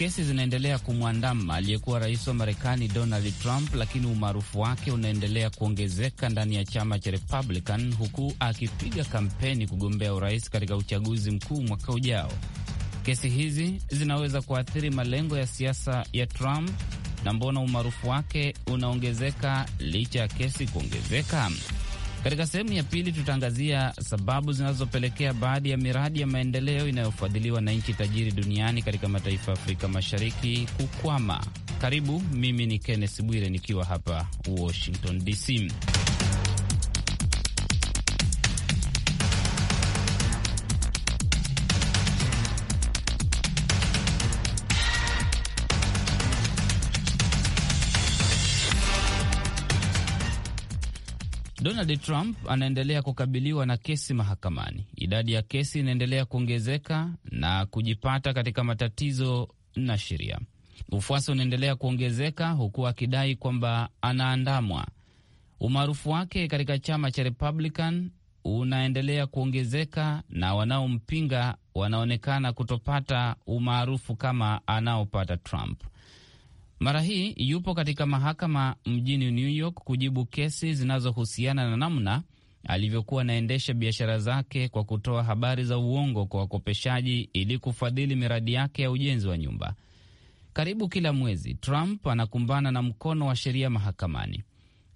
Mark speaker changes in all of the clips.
Speaker 1: Kesi zinaendelea kumwandama aliyekuwa rais wa Marekani Donald Trump, lakini umaarufu wake unaendelea kuongezeka ndani ya chama cha Republican, huku akipiga kampeni kugombea urais katika uchaguzi mkuu mwaka ujao. Kesi hizi zinaweza kuathiri malengo ya siasa ya Trump, na mbona umaarufu wake unaongezeka licha ya kesi kuongezeka? Katika sehemu ya pili tutaangazia sababu zinazopelekea baadhi ya miradi ya maendeleo inayofadhiliwa na nchi tajiri duniani katika mataifa ya Afrika Mashariki kukwama. Karibu, mimi ni Kenneth Bwire nikiwa hapa Washington DC. Donald Trump anaendelea kukabiliwa na kesi mahakamani. Idadi ya kesi inaendelea kuongezeka na kujipata katika matatizo na sheria. Ufuasi unaendelea kuongezeka huku akidai kwamba anaandamwa. Umaarufu wake katika chama cha Republican unaendelea kuongezeka na wanaompinga wanaonekana kutopata umaarufu kama anaopata Trump. Mara hii yupo katika mahakama mjini New York kujibu kesi zinazohusiana na namna alivyokuwa anaendesha biashara zake kwa kutoa habari za uongo kwa wakopeshaji ili kufadhili miradi yake ya ujenzi wa nyumba. Karibu kila mwezi Trump anakumbana na mkono wa sheria mahakamani,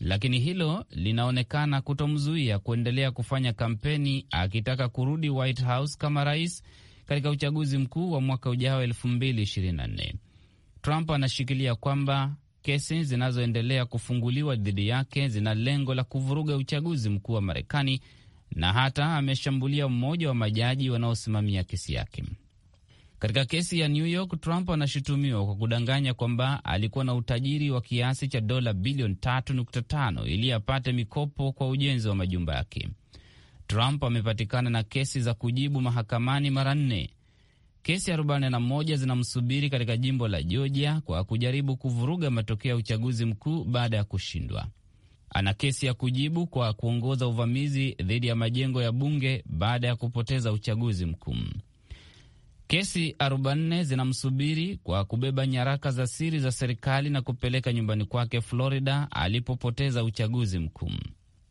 Speaker 1: lakini hilo linaonekana kutomzuia kuendelea kufanya kampeni akitaka kurudi White House kama rais katika uchaguzi mkuu wa mwaka ujao 2024. Trump anashikilia kwamba kesi zinazoendelea kufunguliwa dhidi yake zina lengo la kuvuruga uchaguzi mkuu wa Marekani na hata ameshambulia mmoja wa majaji wanaosimamia kesi yake. Katika kesi ya New York, Trump anashutumiwa kwa kudanganya kwamba alikuwa na utajiri wa kiasi cha dola bilioni 3.5 ili apate mikopo kwa ujenzi wa majumba yake. Trump amepatikana na kesi za kujibu mahakamani mara nne. Kesi 41 zinamsubiri katika jimbo la Georgia kwa kujaribu kuvuruga matokeo ya uchaguzi mkuu baada ya kushindwa. Ana kesi ya kujibu kwa kuongoza uvamizi dhidi ya majengo ya bunge baada ya kupoteza uchaguzi mkuu. Kesi 44 zinamsubiri kwa kubeba nyaraka za siri za serikali na kupeleka nyumbani kwake Florida alipopoteza uchaguzi mkuu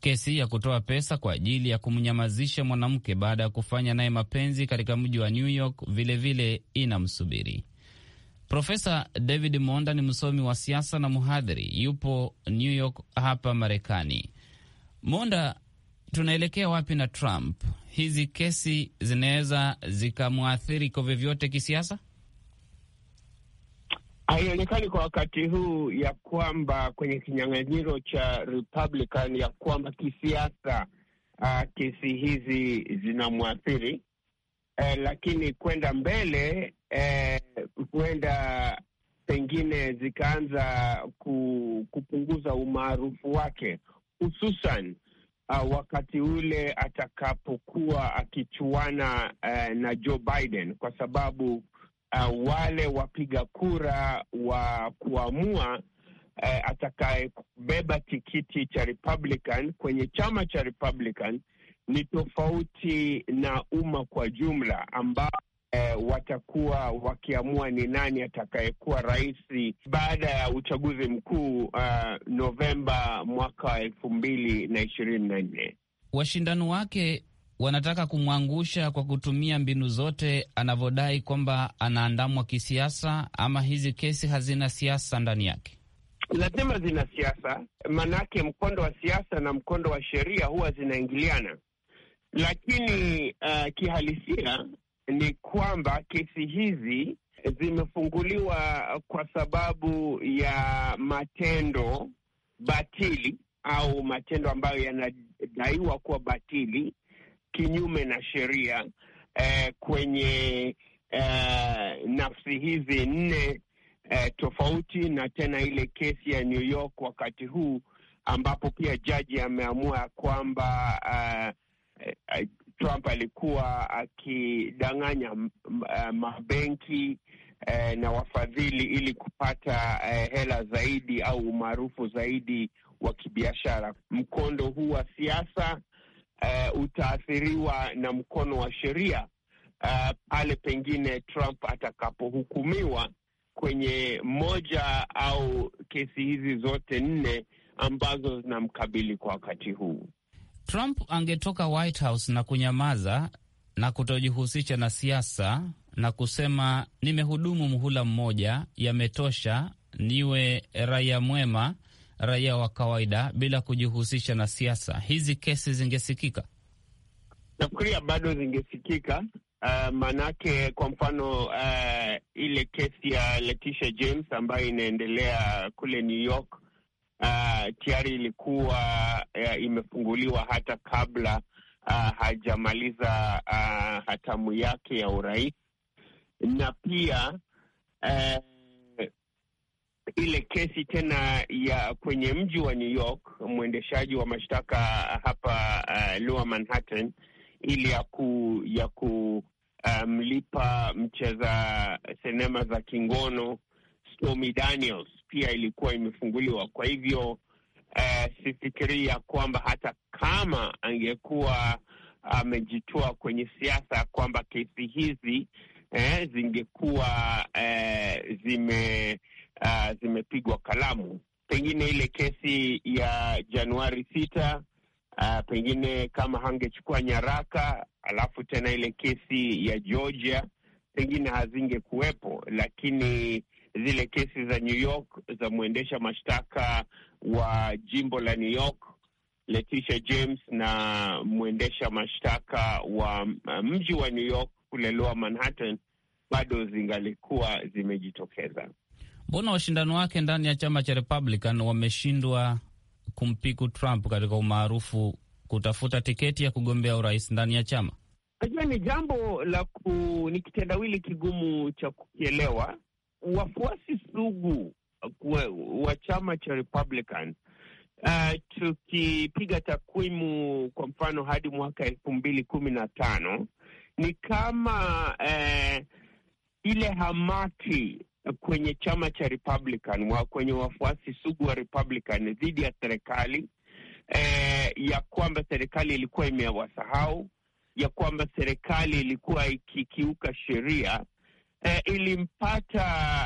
Speaker 1: kesi ya kutoa pesa kwa ajili ya kumnyamazisha mwanamke baada ya kufanya naye mapenzi katika mji wa New York vilevile inamsubiri. Profesa David Monda ni msomi wa siasa na mhadhiri, yupo New York hapa Marekani. Monda, tunaelekea wapi na Trump? Hizi kesi zinaweza zikamwathiri kwa vyovyote kisiasa?
Speaker 2: haionekani kwa wakati huu ya kwamba kwenye kinyang'anyiro cha Republican ya kwamba kisiasa uh, kesi hizi zinamwathiri eh, lakini kwenda mbele huenda eh, pengine zikaanza ku, kupunguza umaarufu wake hususan uh, wakati ule atakapokuwa akichuana uh, na Joe Biden kwa sababu uh, wale wapiga kura wa kuamua uh, atakayebeba tikiti cha Republican kwenye chama cha Republican ni tofauti na umma kwa jumla ambao E, uh, watakuwa wakiamua ni nani atakayekuwa rais baada ya uchaguzi mkuu uh, Novemba mwaka elfu mbili na ishirini na nne.
Speaker 1: Washindani wake wanataka kumwangusha kwa kutumia mbinu zote, anavyodai kwamba anaandamwa kisiasa, ama hizi kesi hazina siasa ndani yake?
Speaker 2: Lazima zina siasa, maanake mkondo wa siasa na mkondo wa sheria huwa zinaingiliana, lakini uh, kihalisia ni kwamba kesi hizi zimefunguliwa kwa sababu ya matendo batili au matendo ambayo yanadaiwa kuwa batili kinyume na sheria eh, kwenye eh, nafsi hizi nne eh, tofauti na tena ile kesi ya New York wakati huu ambapo pia jaji ameamua kwamba uh, uh, Trump alikuwa akidanganya uh, mabenki uh, na wafadhili ili kupata uh, hela zaidi au umaarufu zaidi wa kibiashara. Mkondo huu wa siasa uh, utaathiriwa na mkono wa sheria eh, pale pengine Trump atakapohukumiwa kwenye moja au kesi hizi zote nne ambazo zinamkabili kwa wakati huu.
Speaker 1: Trump angetoka White House na kunyamaza na kutojihusisha na siasa na kusema nimehudumu muhula mmoja, yametosha, niwe raia mwema raia wa kawaida bila kujihusisha na siasa, hizi kesi zingesikika?
Speaker 2: Nafikiria bado zingesikika. Uh, maanake kwa mfano uh, ile kesi ya Letitia James ambayo inaendelea kule New York uh, tayari ilikuwa uh, imefunguliwa hata kabla uh, hajamaliza uh, hatamu yake ya urais na pia uh, ile kesi tena ya kwenye mji wa New York, mwendeshaji wa mashtaka hapa uh, Lower Manhattan ili ya ku ya um, mcheza sinema za kingono Stormy Daniels pia ilikuwa imefunguliwa. Kwa hivyo uh, sifikiria kwamba hata kama angekuwa amejitoa uh, kwenye siasa kwamba kesi hizi eh, zingekuwa eh, zime uh, zimepigwa kalamu. Pengine ile kesi ya Januari sita uh, pengine kama hangechukua nyaraka, alafu tena ile kesi ya Georgia pengine hazingekuwepo, lakini zile kesi za New York za mwendesha mashtaka wa jimbo la New York Letitia James na mwendesha mashtaka wa uh, mji wa New York kule Lower Manhattan bado zingalikuwa zimejitokeza.
Speaker 1: Mbona washindani wake ndani ya chama cha Republican wameshindwa kumpiku Trump katika umaarufu kutafuta tiketi ya kugombea urais ndani ya chama?
Speaker 2: Najua ni jambo la ku, ni kitendawili kigumu cha kukielewa. Wafuasi sugu wa chama cha Republican uh, tukipiga takwimu kwa mfano hadi mwaka elfu mbili kumi na tano ni kama uh, ile hamati kwenye chama cha Republican wa kwenye wafuasi sugu wa Republican dhidi ya serikali eh, ya kwamba serikali ilikuwa imewasahau, ya kwamba serikali ilikuwa ikikiuka sheria eh, ilimpata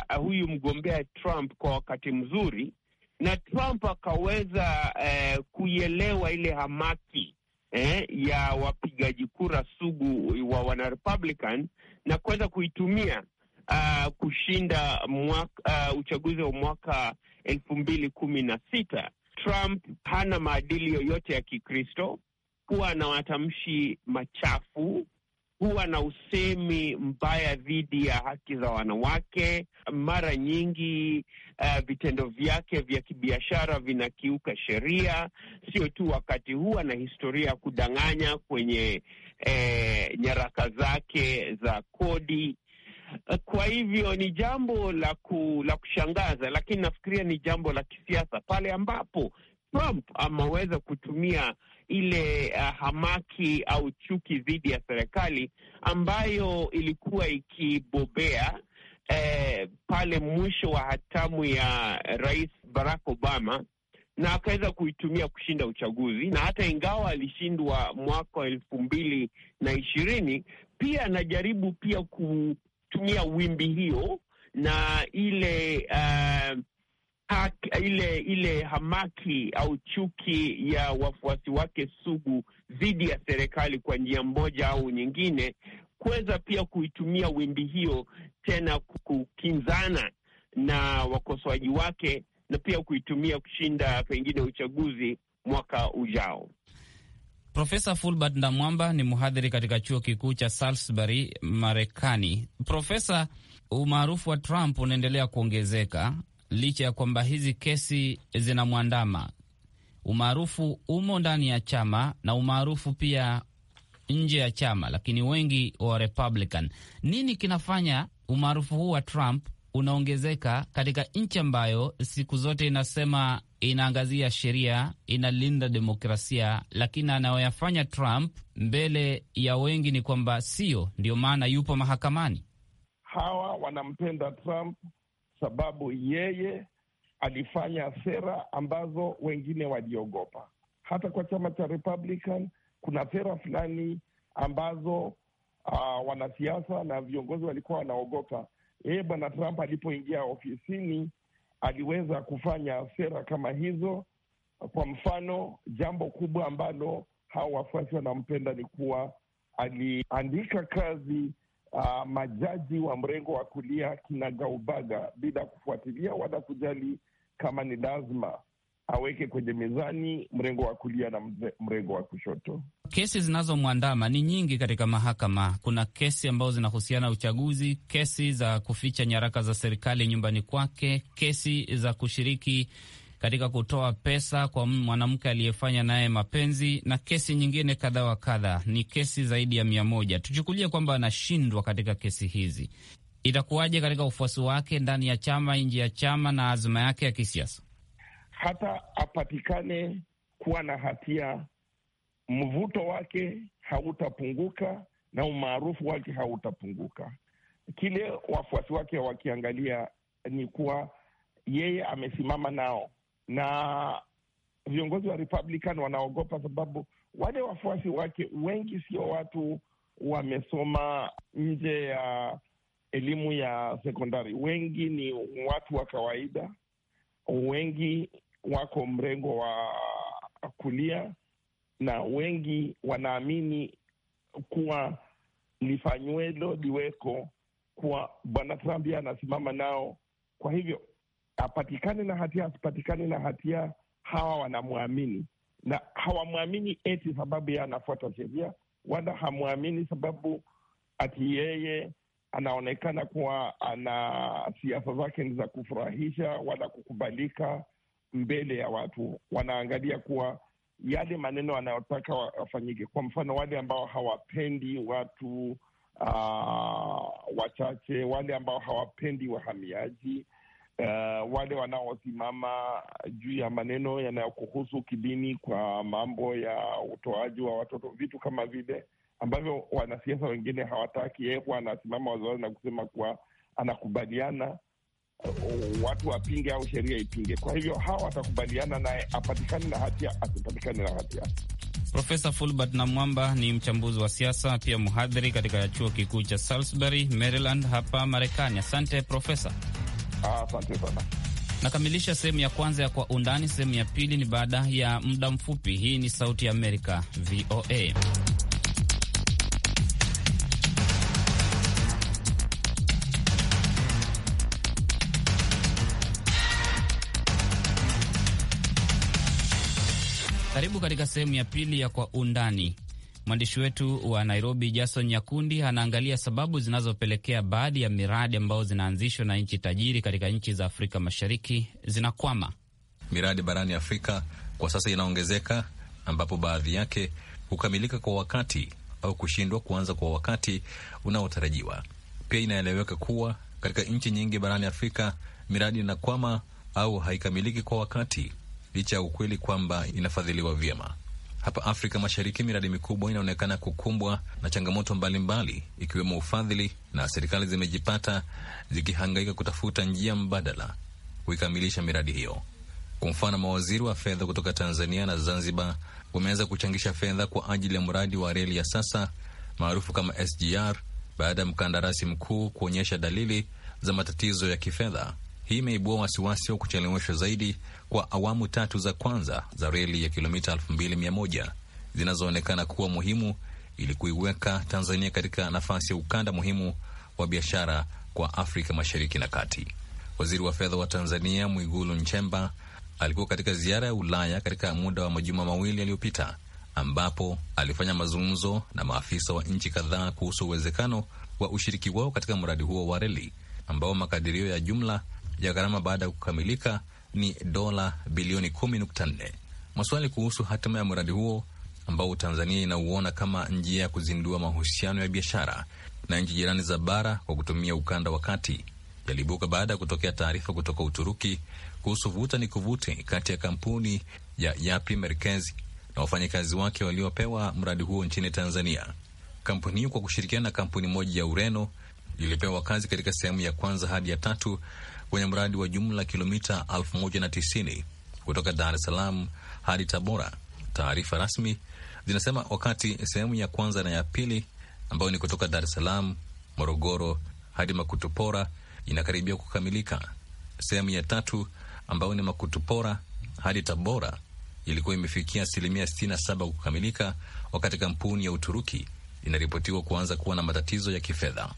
Speaker 2: eh, huyu mgombea Trump kwa wakati mzuri, na Trump akaweza eh, kuielewa ile hamaki eh, ya wapigaji kura sugu wa Republican na kuweza kuitumia uh, kushinda mwaka, uh, uchaguzi wa mwaka elfu mbili kumi na sita. Trump hana maadili yoyote ya Kikristo, huwa na matamshi machafu, huwa na usemi mbaya dhidi ya haki za wanawake. Mara nyingi uh, vitendo vyake vya kibiashara vinakiuka sheria, sio tu wakati huu, ana historia ya kudanganya kwenye eh, nyaraka zake za kodi kwa hivyo ni jambo la ku, la kushangaza, lakini nafikiria ni jambo la kisiasa pale ambapo Trump ameweza kutumia ile uh, hamaki au chuki dhidi ya serikali ambayo ilikuwa ikibobea eh, pale mwisho wa hatamu ya Rais Barack Obama na akaweza kuitumia kushinda uchaguzi, na hata ingawa alishindwa mwaka wa elfu mbili na ishirini pia anajaribu pia ku, tumia wimbi hiyo na ile uh, hak, ile ile hamaki au chuki ya wafuasi wake sugu dhidi ya serikali kwa njia moja au nyingine, kuweza pia kuitumia wimbi hiyo tena kukinzana na wakosoaji wake na pia kuitumia kushinda pengine uchaguzi mwaka ujao.
Speaker 1: Profesa Fulbert Ndamwamba ni mhadhiri katika chuo kikuu cha Salisbury, Marekani. Profesa, umaarufu wa Trump unaendelea kuongezeka licha ya kwamba hizi kesi zinamwandama. Umaarufu umo ndani ya chama na umaarufu pia nje ya chama, lakini wengi wa Republican. Nini kinafanya umaarufu huu wa Trump unaongezeka katika nchi ambayo siku zote inasema inaangazia sheria, inalinda demokrasia, lakini anayoyafanya Trump mbele ya wengi ni kwamba sio, ndio maana yupo mahakamani.
Speaker 3: Hawa wanampenda Trump sababu yeye alifanya sera ambazo wengine waliogopa. Hata kwa chama cha Republican kuna sera fulani ambazo uh, wanasiasa na viongozi walikuwa wanaogopa yeye bwana Trump alipoingia ofisini aliweza kufanya sera kama hizo. Kwa mfano, jambo kubwa ambalo hawa wafuasi wanampenda ni kuwa aliandika kazi uh, majaji wa mrengo wa kulia kinagaubaga bila kufuatilia wala kujali kama ni lazima aweke kwenye mezani mrengo wa kulia na mrengo wa kushoto.
Speaker 1: Kesi zinazomwandama ni nyingi katika mahakama. Kuna kesi ambazo zinahusiana uchaguzi, kesi za kuficha nyaraka za serikali nyumbani kwake, kesi za kushiriki katika kutoa pesa kwa mwanamke aliyefanya naye mapenzi na kesi nyingine kadha wa kadha. Ni kesi zaidi ya mia moja. Tuchukulie kwamba anashindwa katika kesi hizi, itakuwaje katika ufuasi wake ndani ya chama, nje ya chama na azma yake ya kisiasa?
Speaker 3: hata apatikane kuwa na hatia, mvuto wake hautapunguka na umaarufu wake hautapunguka. Kile wafuasi wake wakiangalia ni kuwa yeye amesimama nao, na viongozi wa Republican wanaogopa, sababu wale wafuasi wake wengi sio watu wamesoma nje ya elimu ya sekondari, wengi ni watu wa kawaida, wengi wako mrengo wa kulia na wengi wanaamini kuwa lifanywelo liweko kuwa bwana Trump ye anasimama nao. Kwa hivyo apatikane na hatia asipatikane na hatia, hawa wanamwamini na hawamwamini eti sababu ye anafuata sheria, wala hamwamini sababu ati yeye anaonekana kuwa ana siasa zake ni za kufurahisha wala kukubalika mbele ya watu, wanaangalia kuwa yale maneno wanayotaka wafanyike. Kwa mfano, wale ambao hawapendi watu uh, wachache, wale ambao hawapendi wahamiaji Uh, wale wanaosimama juu ya maneno yanayokuhusu kidini kwa mambo ya utoaji wa watoto, vitu kama vile ambavyo wanasiasa wengine hawataki. Yeye huwa anasimama waziwazi na kusema kuwa anakubaliana Uh, watu wapinge au sheria ipinge. Kwa hivyo hawa watakubaliana naye, apatikane na hatia, asipatikane na hatia.
Speaker 1: Profesa Fulbert Namwamba ni mchambuzi wa siasa, pia mhadhiri katika chuo kikuu cha Salisbury, Maryland, hapa Marekani. Asante profesa. Ah, asante sana. Nakamilisha sehemu ya kwanza ya Kwa Undani. Sehemu ya pili ni baada ya muda mfupi. Hii ni Sauti ya Amerika, VOA. Karibu katika sehemu ya pili ya Kwa Undani. Mwandishi wetu wa Nairobi, Jason Nyakundi, anaangalia sababu zinazopelekea baadhi ya miradi ambayo zinaanzishwa na nchi tajiri katika nchi za Afrika Mashariki zinakwama.
Speaker 4: Miradi barani Afrika kwa sasa inaongezeka, ambapo baadhi yake hukamilika kwa wakati au kushindwa kuanza kwa wakati unaotarajiwa. Pia inaeleweka kuwa katika nchi nyingi barani Afrika miradi inakwama au haikamiliki kwa wakati licha ya ukweli kwamba inafadhiliwa vyema. Hapa Afrika Mashariki, miradi mikubwa inaonekana kukumbwa na changamoto mbalimbali, ikiwemo ufadhili, na serikali zimejipata zikihangaika kutafuta njia mbadala kuikamilisha miradi hiyo. Kwa mfano, mawaziri wa fedha kutoka Tanzania na Zanzibar wameanza kuchangisha fedha kwa ajili ya mradi wa reli ya sasa maarufu kama SGR baada ya mkandarasi mkuu kuonyesha dalili za matatizo ya kifedha. Hii imeibua wasiwasi wa kucheleweshwa zaidi kwa awamu tatu za kwanza za reli ya kilomita 2100 zinazoonekana kuwa muhimu ili kuiweka Tanzania katika nafasi ya ukanda muhimu wa biashara kwa Afrika Mashariki na Kati. Waziri wa fedha wa Tanzania Mwigulu Nchemba alikuwa katika ziara ya Ulaya katika muda wa majuma mawili yaliyopita, ambapo alifanya mazungumzo na maafisa wa nchi kadhaa kuhusu uwezekano wa ushiriki wao katika mradi huo wa reli ambao makadirio ya jumla ya gharama baada ya kukamilika ni dola bilioni 10.4. Maswali kuhusu hatima ya mradi huo ambao Tanzania inauona kama njia ya kuzindua mahusiano ya biashara na nchi jirani za bara kwa kutumia ukanda wa kati yalibuka baada ya kutokea taarifa kutoka Uturuki kuhusu vuta ni kuvute kati ya kampuni ya Yapi Merkezi na wafanyakazi wake waliopewa mradi huo nchini Tanzania. Kampuni hiyo kwa kushirikiana na kampuni moja ya Ureno lilipewa kazi katika sehemu ya kwanza hadi ya tatu kwenye mradi wa jumla kilomita 1090 kutoka Dar es Salaam hadi Tabora. Taarifa rasmi zinasema wakati sehemu ya kwanza na ya pili ambayo ni kutoka Dar es Salaam, Morogoro hadi Makutupora inakaribia kukamilika. Sehemu ya tatu ambayo ni Makutupora hadi Tabora ilikuwa imefikia asilimia 67 kukamilika, wakati kampuni ya Uturuki inaripotiwa kuanza kuwa na matatizo ya kifedha.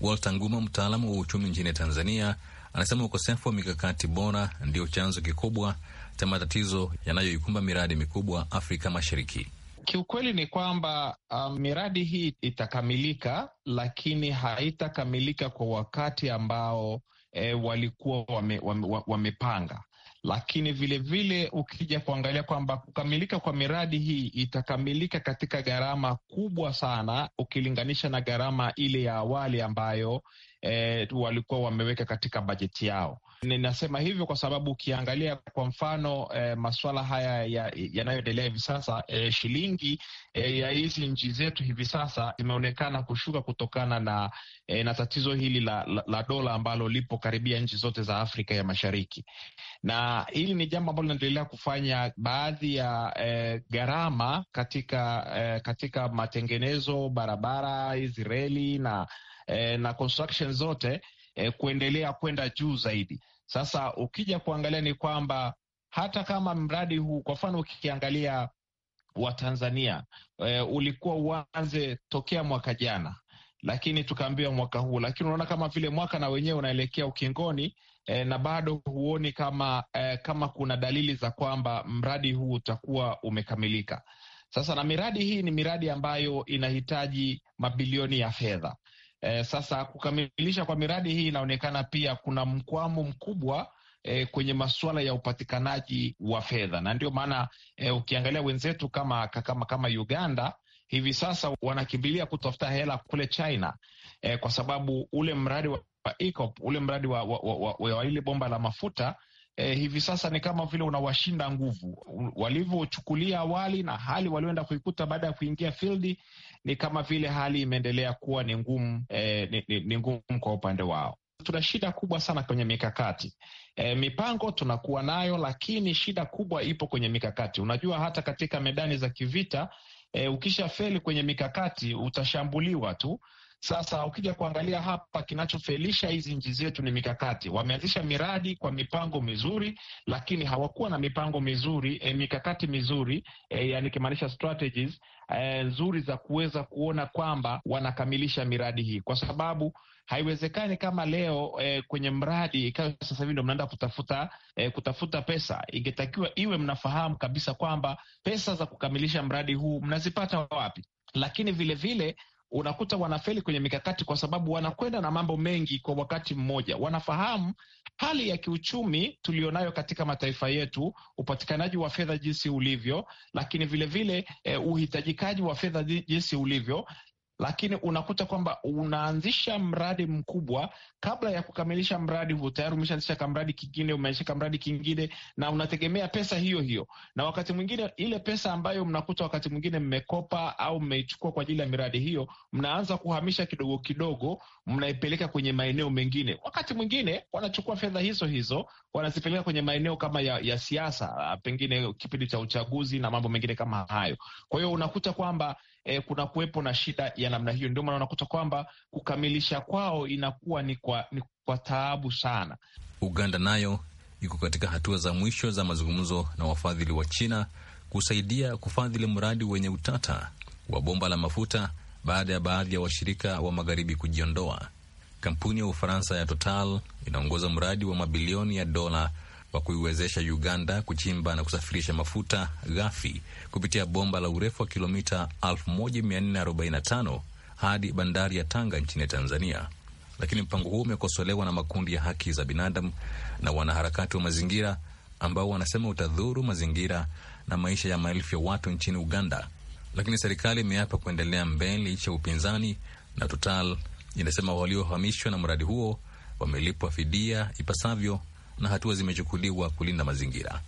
Speaker 4: Walter Nguma, mtaalamu wa uchumi nchini Tanzania, anasema ukosefu wa mikakati bora ndio chanzo kikubwa cha matatizo yanayoikumba miradi mikubwa Afrika Mashariki.
Speaker 5: Kiukweli ni kwamba um, miradi hii itakamilika, lakini haitakamilika kwa wakati ambao e, walikuwa wame, wame, wamepanga lakini vilevile vile ukija kuangalia kwamba kukamilika kwa miradi hii itakamilika katika gharama kubwa sana ukilinganisha na gharama ile ya awali ambayo eh, walikuwa wameweka katika bajeti yao. Ninasema hivyo kwa sababu ukiangalia kwa mfano eh, masuala haya yanayoendelea ya hivi sasa eh, shilingi eh, ya hizi nchi zetu hivi sasa imeonekana kushuka kutokana na, eh, na tatizo hili la, la, la dola ambalo lipo karibia nchi zote za Afrika ya Mashariki, na hili ni jambo ambalo linaendelea kufanya baadhi ya eh, gharama katika, eh, katika matengenezo barabara hizi reli na e, na construction zote e, kuendelea kwenda juu zaidi. Sasa ukija kuangalia ni kwamba hata kama mradi huu kwa mfano ukikiangalia wa Tanzania e, ulikuwa uanze tokea mwaka jana, lakini tukaambiwa mwaka huu, lakini unaona kama vile mwaka na wenyewe unaelekea ukingoni e, na bado huoni kama e, kama kuna dalili za kwamba mradi huu utakuwa umekamilika. Sasa na miradi hii ni miradi ambayo inahitaji mabilioni ya fedha E, sasa kukamilisha kwa miradi hii inaonekana pia kuna mkwamo mkubwa e, kwenye masuala ya upatikanaji wa fedha, na ndio maana e, ukiangalia wenzetu kama, kama, kama Uganda hivi sasa wanakimbilia kutafuta hela kule China e, kwa sababu ule mradi wa EACOP ule mradi wa, wa, wa, wa, wa ile bomba la mafuta eh, hivi sasa ni kama vile unawashinda nguvu walivyochukulia awali na hali walioenda kuikuta baada ya kuingia fildi, ni kama vile hali imeendelea kuwa ni ngumu eh, ni, ni, ni ngumu kwa upande wao. Tuna shida kubwa sana kwenye mikakati e, mipango tunakuwa nayo, lakini shida kubwa ipo kwenye mikakati. Unajua, hata katika medani za kivita e, ukisha feli kwenye mikakati utashambuliwa tu. Sasa ukija kuangalia hapa, kinachofelisha hizi nchi zetu ni mikakati. Wameanzisha miradi kwa mipango mizuri, lakini hawakuwa na mipango mizuri e, mikakati mizuri e, yani kimaanisha strategies e, nzuri za kuweza kuona kwamba wanakamilisha miradi hii, kwa sababu haiwezekani kama leo e, kwenye mradi ikawa sasa hivi ndo mnaenda kutafuta e, kutafuta pesa. Ingetakiwa iwe mnafahamu kabisa kwamba pesa za kukamilisha mradi huu mnazipata wapi lakini vilevile unakuta wanafeli kwenye mikakati kwa sababu wanakwenda na mambo mengi kwa wakati mmoja. Wanafahamu hali ya kiuchumi tuliyonayo katika mataifa yetu, upatikanaji wa fedha jinsi ulivyo, lakini vilevile vile, eh, uhitajikaji wa fedha jinsi ulivyo, lakini unakuta kwamba unaanzisha mradi mkubwa kabla ya kukamilisha mradi huo, tayari umeshaanzisha kamradi kingine, umeanzisha kamradi kingine, na unategemea pesa hiyo hiyo. Na wakati mwingine ile pesa ambayo mnakuta wakati mwingine mmekopa au mmeichukua kwa ajili ya miradi hiyo, mnaanza kuhamisha kidogo kidogo, mnaipeleka kwenye maeneo mengine. Wakati mwingine wanachukua fedha hizo hizo wanazipeleka kwenye maeneo kama ya, ya siasa, pengine kipindi cha uchaguzi na mambo mengine kama hayo. Kwa hiyo unakuta kwamba eh, kuna kuwepo na shida ya namna hiyo. Ndio maana unakuta kwamba kukamilisha kwao inakuwa ni kwa, ni kwa taabu
Speaker 4: sana. Uganda nayo iko katika hatua za mwisho za mazungumzo na wafadhili wa China kusaidia kufadhili mradi wenye utata wa bomba la mafuta baada ya baadhi ya washirika wa magharibi kujiondoa. Kampuni ya Ufaransa ya Total inaongoza mradi wa mabilioni ya dola wa kuiwezesha Uganda kuchimba na kusafirisha mafuta ghafi kupitia bomba la urefu wa kilomita 1445 hadi bandari ya Tanga nchini Tanzania. Lakini mpango huo umekosolewa na makundi ya haki za binadamu na wanaharakati wa mazingira ambao wanasema utadhuru mazingira na maisha ya maelfu ya watu nchini Uganda. Lakini serikali imeapa kuendelea mbele cha ya upinzani, na Total inasema waliohamishwa na mradi huo wamelipwa fidia ipasavyo na hatua zimechukuliwa kulinda mazingira.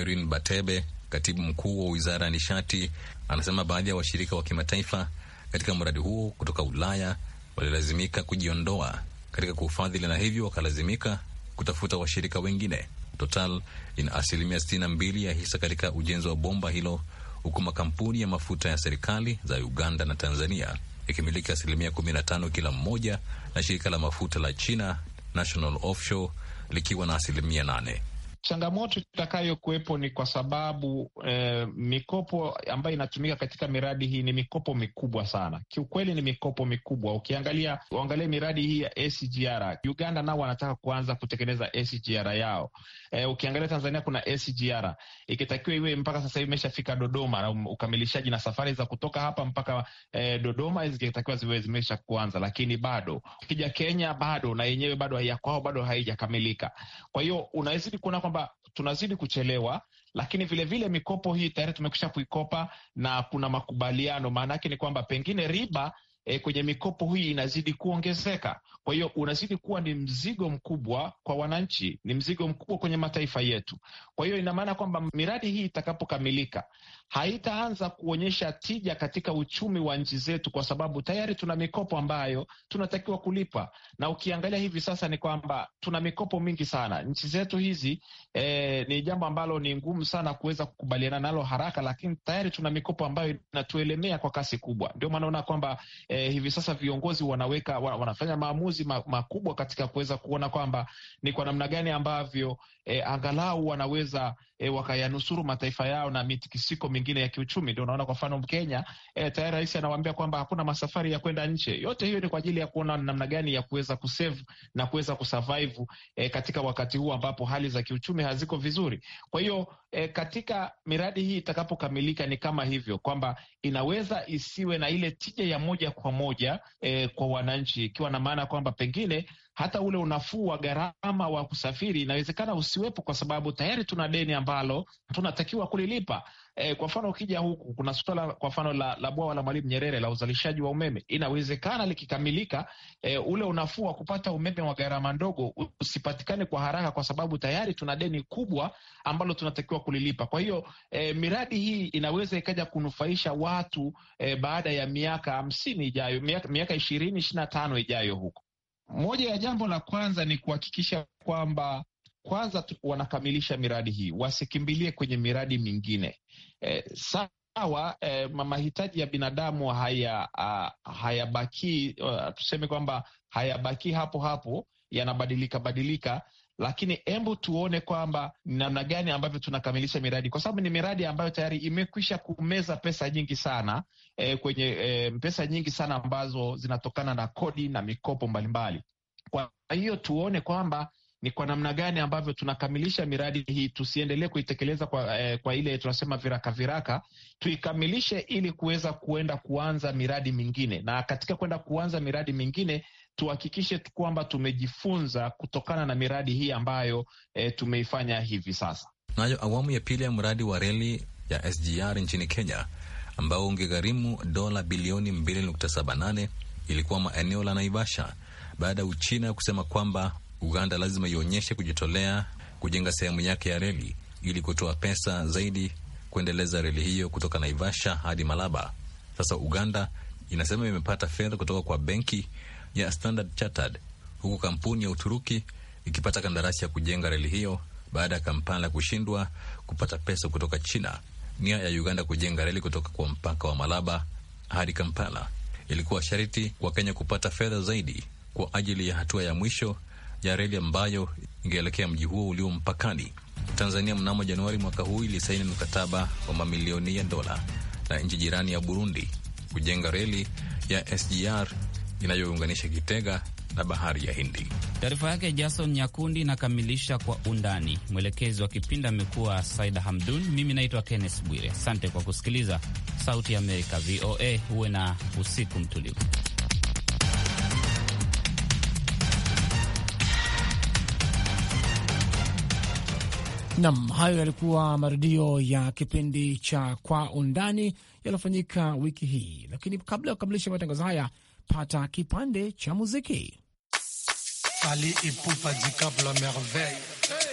Speaker 4: Irene Batebe, katibu mkuu wa wizara ya nishati, anasema baadhi ya washirika wa kimataifa katika mradi huo kutoka Ulaya walilazimika kujiondoa katika kuufadhili na hivyo wakalazimika kutafuta washirika wengine. Total ina asilimia 62 ya hisa katika ujenzi wa bomba hilo, huku makampuni ya mafuta ya serikali za Uganda na Tanzania ikimiliki asilimia 15 kila mmoja, na shirika la mafuta la China National Offshore likiwa na asilimia nane.
Speaker 5: Changamoto itakayokuwepo ni kwa sababu eh, mikopo ambayo inatumika katika miradi hii ni mikopo mikubwa sana. Kiukweli ni mikopo mikubwa. Ukiangalia uangalie miradi hii ya SGR, Uganda nao wanataka kuanza kutekeleza SGR yao. Eh, ukiangalia Tanzania kuna SGR ikitakiwa iwe mpaka sasa hivi imeshafika Dodoma na um, ukamilishaji, na safari za kutoka hapa mpaka eh, Dodoma zikitakiwa ziwe zimesha kuanza, lakini bado ukija Kenya bado na yenyewe bado ya kwao bado haijakamilika. Kwa hiyo unazidi kuona kwamba tunazidi kuchelewa, lakini vilevile vile mikopo hii tayari tumekwisha kuikopa na kuna makubaliano. Maana yake ni kwamba pengine riba E, kwenye mikopo hii inazidi kuongezeka. Kwa hiyo unazidi kuwa ni mzigo mkubwa kwa wananchi, ni mzigo mkubwa kwenye mataifa yetu. Kwa hiyo ina maana kwamba miradi hii itakapokamilika haitaanza kuonyesha tija katika uchumi wa nchi zetu, kwa sababu tayari tuna mikopo ambayo tunatakiwa kulipa, na ukiangalia hivi sasa ni kwamba tuna mikopo mingi sana nchi zetu hizi. Eh, ni jambo ambalo ni ngumu sana kuweza kukubaliana nalo haraka, lakini tayari tuna mikopo ambayo inatuelemea kwa kasi kubwa. Ndio maana unaona kwamba eh, hivi sasa viongozi wanaweka wanafanya maamuzi makubwa katika kuweza kuona kwamba ni kwa namna gani ambavyo eh, angalau wanaweza wanaweza e, eh, wakayanusuru mataifa yao na mitikisiko mingine ya kiuchumi. Ndio unaona kwa mfano Kenya e, tayari rais anawaambia kwamba hakuna masafari ya kwenda nje. Yote hiyo ni kwa ajili ya kuona namna gani ya kuweza kusave na kuweza kusurvive e, katika wakati huu ambapo hali za kiuchumi haziko vizuri. Kwa hiyo e, katika miradi hii itakapokamilika ni kama hivyo kwamba inaweza isiwe na ile tija ya moja kwa moja e, kwa wananchi, ikiwa na maana kwamba pengine hata ule unafuu wa gharama wa kusafiri inawezekana usiwepo, kwa sababu tayari tuna deni ambalo tunatakiwa kulilipa. E, kwa mfano ukija huku kuna suala kwa mfano la, la bwawa la Mwalimu Nyerere la uzalishaji wa umeme. Inawezekana likikamilika, e, ule unafuu wa kupata umeme wa gharama ndogo usipatikane kwa haraka, kwa sababu tayari tuna deni kubwa ambalo tunatakiwa kulilipa. Kwa hiyo e, miradi hii inaweza ikaja kunufaisha watu e, baada ya miaka hamsini ijayo, miaka ishirini ishirini na tano ijayo huko moja ya jambo la kwanza ni kuhakikisha kwamba kwanza wanakamilisha miradi hii, wasikimbilie kwenye miradi mingine eh, sawa eh, mahitaji ya binadamu haya uh, hayabakii uh, e, tuseme kwamba hayabakii hapo hapo, yanabadilika badilika lakini hebu tuone kwamba ni namna gani ambavyo tunakamilisha miradi, kwa sababu ni miradi ambayo tayari imekwisha kumeza pesa nyingi sana e, kwenye e, pesa nyingi sana ambazo zinatokana na kodi na mikopo mbalimbali. Kwa hiyo tuone kwamba ni kwa namna gani ambavyo tunakamilisha miradi hii, tusiendelee kuitekeleza kwa, eh, kwa ile tunasema viraka viraka, tuikamilishe ili kuweza kuenda kuanza miradi mingine, na katika kwenda kuanza miradi mingine tuhakikishe kwamba tumejifunza kutokana na miradi hii ambayo e, tumeifanya hivi sasa.
Speaker 4: Nayo awamu ya pili ya mradi wa reli ya SGR nchini Kenya ambao ungegharimu dola bilioni 2.78 ilikuwa maeneo la Naivasha baada ya Uchina kusema kwamba Uganda lazima ionyeshe kujitolea kujenga sehemu yake ya reli ili kutoa pesa zaidi kuendeleza reli hiyo kutoka Naivasha hadi Malaba. Sasa Uganda inasema imepata fedha kutoka kwa benki ya Standard Chartered, huku kampuni ya Uturuki ikipata kandarasi ya kujenga reli hiyo baada ya Kampala kushindwa kupata pesa kutoka China. Nia ya Uganda kujenga reli kutoka kwa mpaka wa Malaba hadi Kampala ilikuwa sharti kwa Kenya kupata fedha zaidi kwa ajili ya hatua ya mwisho ya reli ambayo ingeelekea mji huo ulio mpakani. Tanzania mnamo Januari mwaka huu ilisaini mkataba wa mamilioni ya dola na nchi jirani ya Burundi kujenga reli ya SGR inayounganisha Kitega na bahari ya Hindi.
Speaker 1: Taarifa yake Jason Nyakundi inakamilisha kwa undani. Mwelekezi wa kipindi amekuwa Saida Hamdun. Mimi naitwa Kenneth Bwire. Asante kwa kusikiliza Sauti ya Amerika, VOA. Huwe na usiku mtulivu.
Speaker 5: Nam, hayo yalikuwa marudio ya kipindi cha Kwa Undani yaliyofanyika wiki hii, lakini kabla ya kukamilisha matangazo haya pata pande cha muziki
Speaker 6: Ali ipupa la merveille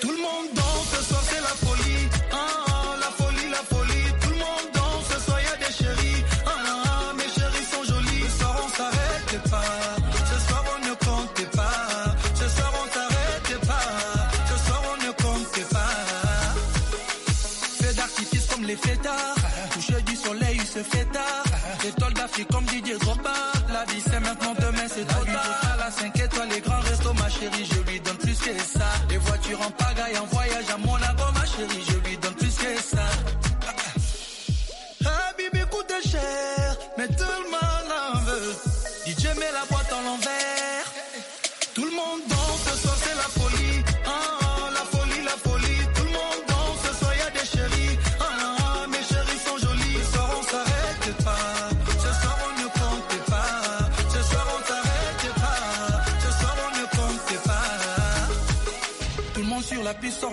Speaker 6: tout le monde danse soir c'est la folie ah, ah, la folie la folie tout le monde danse ce y a des chéris ah, ah, ah, mes chéris sont jolis ce soir on s'arrête pas ce soir on ne compte pas ce soir on s'arrête pas ce soir on ne compte pas Fait d'artifice comme les fêtards toucher du soleil il se fait tard L'étoile d'Afrique comme Didier Drogba partir en pagaille, en voyage à mon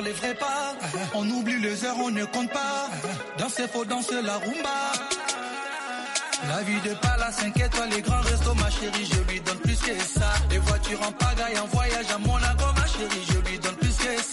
Speaker 6: les vrais pas. On oublie les heures, on ne compte pas. Dans ces faux danser la rumba. La vie de Pala 5 étoiles, les grands restos, ma chérie, je lui donne plus que ça. Les voitures en pagaille, en voyage à Monaco, ma chérie, je lui donne plus que ça.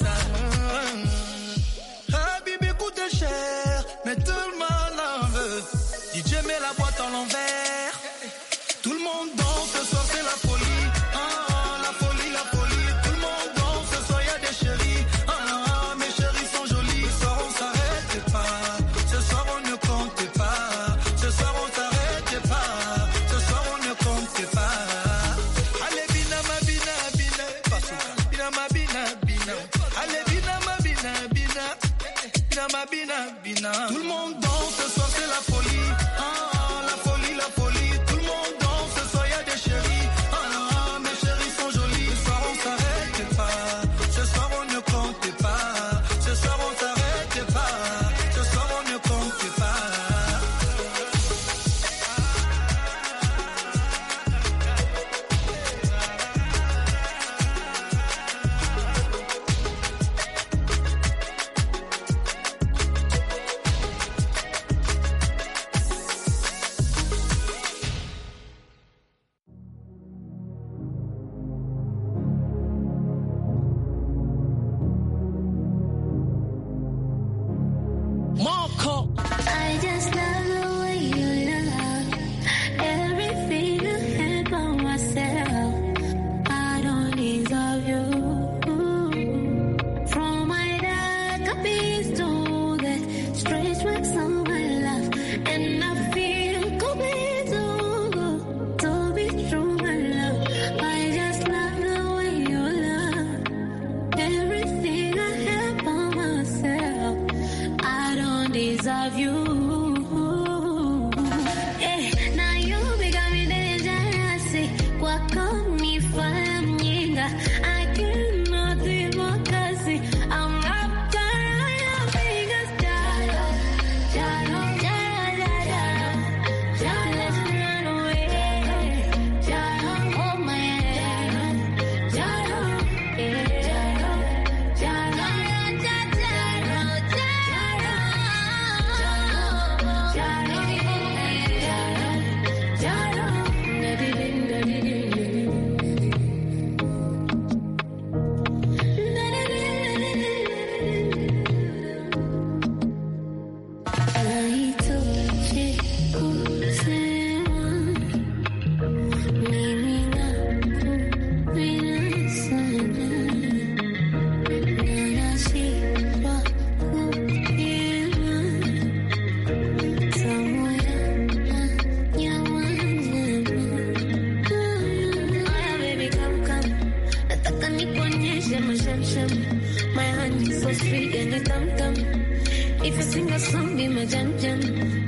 Speaker 7: sing a song in my jam jam,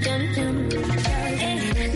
Speaker 7: jam jam. Hey. Eh,